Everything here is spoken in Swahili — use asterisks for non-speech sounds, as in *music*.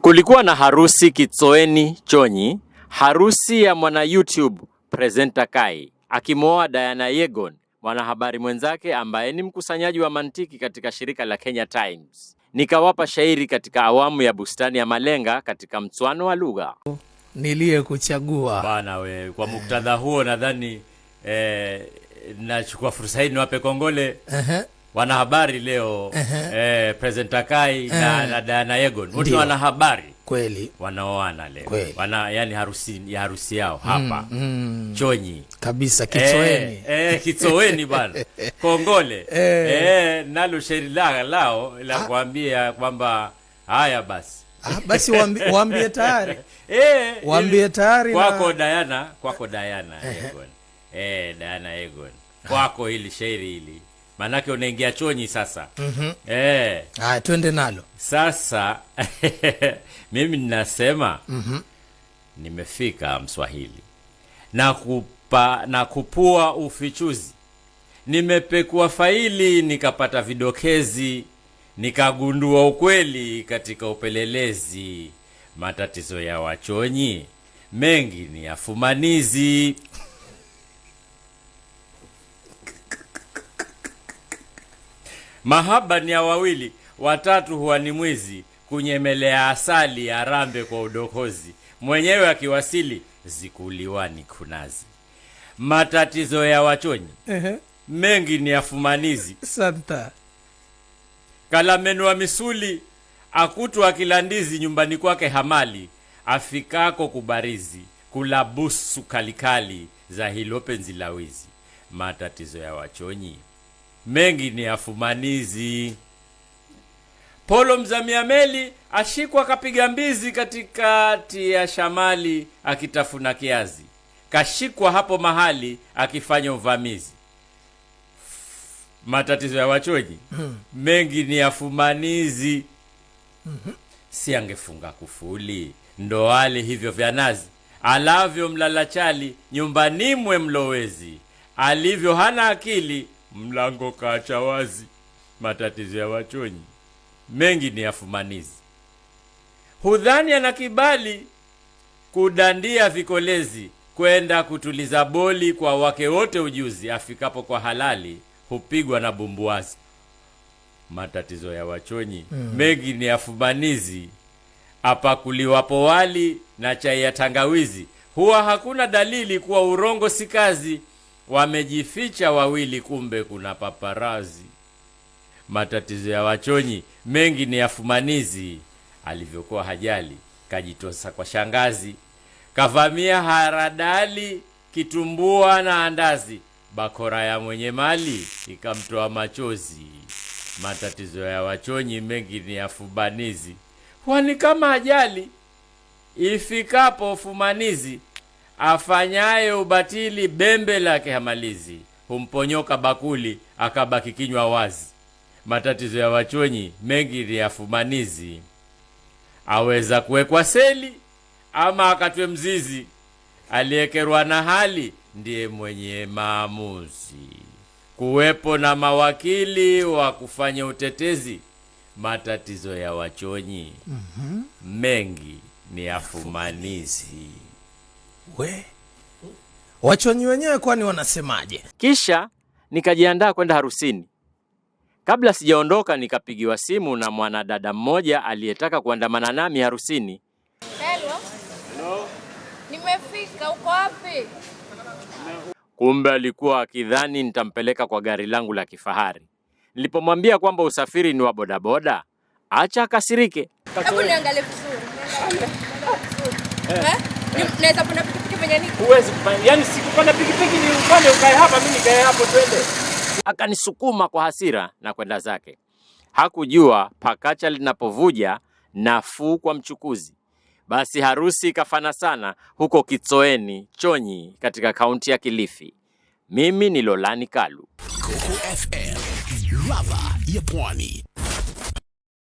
Kulikuwa na harusi Kitsoeni Chonyi, harusi ya mwana YouTube presenter Kai akimwoa Diana Yegon, mwanahabari mwenzake ambaye ni mkusanyaji wa mantiki katika shirika la Kenya Times. Nikawapa shairi katika awamu ya bustani ya Malenga katika mtswano wa lugha niliyekuchagua bana we. Kwa muktadha huo nadhani eh, nachukua fursa hii niwape kongole uh -huh wanahabari leo uh -huh. eh, presenter Akai uh -huh. na, eh. na Diana Egon wote wanahabari kweli, wanaoana leo kweli. Wana, yani harusi ya harusi yao hapa mm, mm. Chonyi kabisa Kitsoweni eh, eh, Kitsoweni bwana *laughs* Kongole eh. Eh, nalo shairi la lao la ah. kuambia kwamba haya basi Ah, basi waambie waambie tayari *laughs* eh, eh, waambie tayari kwako na... Diana kwako Diana Egon eh, Diana Egon kwako hili shairi hili maanake unaingia chonyi sasa. mm -hmm. e. haya twende nalo sasa. *laughs* mimi ninasema mm -hmm. nimefika Mswahili na kupa, na kupua ufichuzi, nimepekua faili nikapata vidokezi, nikagundua ukweli katika upelelezi, matatizo ya wachonyi mengi ni yafumanizi Mahaba ni ya wawili, watatu huwa ni mwizi, kunyemelea asali ya rambe kwa udokozi, mwenyewe akiwasili zikuliwani kunazi. Matatizo ya wachonyi uh-huh. mengi ni afumanizi santa kalamenua misuli akutwa ndizi nyumbani kwake hamali afikako kubarizi, kulabusu kalikali za hilo penzi la wizi. Matatizo ya wachonyi mengi ni afumanizi. Polo mzamia meli ashikwa kapiga mbizi katikati ya shamali akitafuna kiazi, kashikwa hapo mahali akifanya uvamizi. Matatizo ya wachoji hmm. mengi ni afumanizi. Hmm. Si angefunga kufuli ndo ale hivyo vya nazi, alavyo mlalachali nyumba nimwe mlowezi, alivyo hana akili mlango kaacha wazi. Matatizo ya wachonyi mengi ni yafumanizi, hudhani ana kibali kudandia vikolezi kwenda kutuliza boli kwa wake wote. Ujuzi afikapo kwa halali hupigwa na bumbuazi. Matatizo ya wachonyi mm. mengi ni yafumanizi. Apakuliwapo wali na chai ya tangawizi, huwa hakuna dalili kuwa urongo si kazi wamejificha wawili, kumbe kuna paparazi. Matatizo ya wachonyi mengi ni yafumanizi Alivyokuwa hajali, kajitosa kwa shangazi, kavamia haradali, kitumbua na andazi, bakora ya mwenye mali ikamtoa machozi. Matatizo ya wachonyi mengi ni yafumanizi wani kwani kama ajali ifikapo fumanizi afanyaye ubatili bembe lake hamalizi, humponyoka bakuli akabaki kinywa wazi. Matatizo ya wachonyi mengi ni yafumanizi, aweza kuwekwa seli ama akatwe mzizi. Aliyekerwa na hali ndiye mwenye maamuzi. Kuwepo na mawakili wa kufanya utetezi, matatizo ya wachonyi mm -hmm. mengi ni yafumanizi. We wachonyi wenyewe kwani wanasemaje? Kisha nikajiandaa kwenda harusini. Kabla sijaondoka, nikapigiwa simu na mwanadada mmoja aliyetaka kuandamana nami harusini. Hello. Hello. Nimefika, uko wapi? Kumbe alikuwa akidhani nitampeleka kwa gari langu la kifahari. Nilipomwambia kwamba usafiri ni wa bodaboda, acha akasirike. Hebu niangalie vizuri. Eh. Eh? pikipiki Huwezi kupanda. Yaani sikupanda pikipiki ni upande ukae hapa mimi nikae hapo twende. Akanisukuma kwa hasira na kwenda zake. Hakujua pakacha linapovuja nafuu kwa mchukuzi. Basi harusi ikafana sana huko Kitsoeni, Chonyi katika kaunti ya Kilifi. Mimi ni Lolani Kalu. Coco FM, ladha ya Pwani.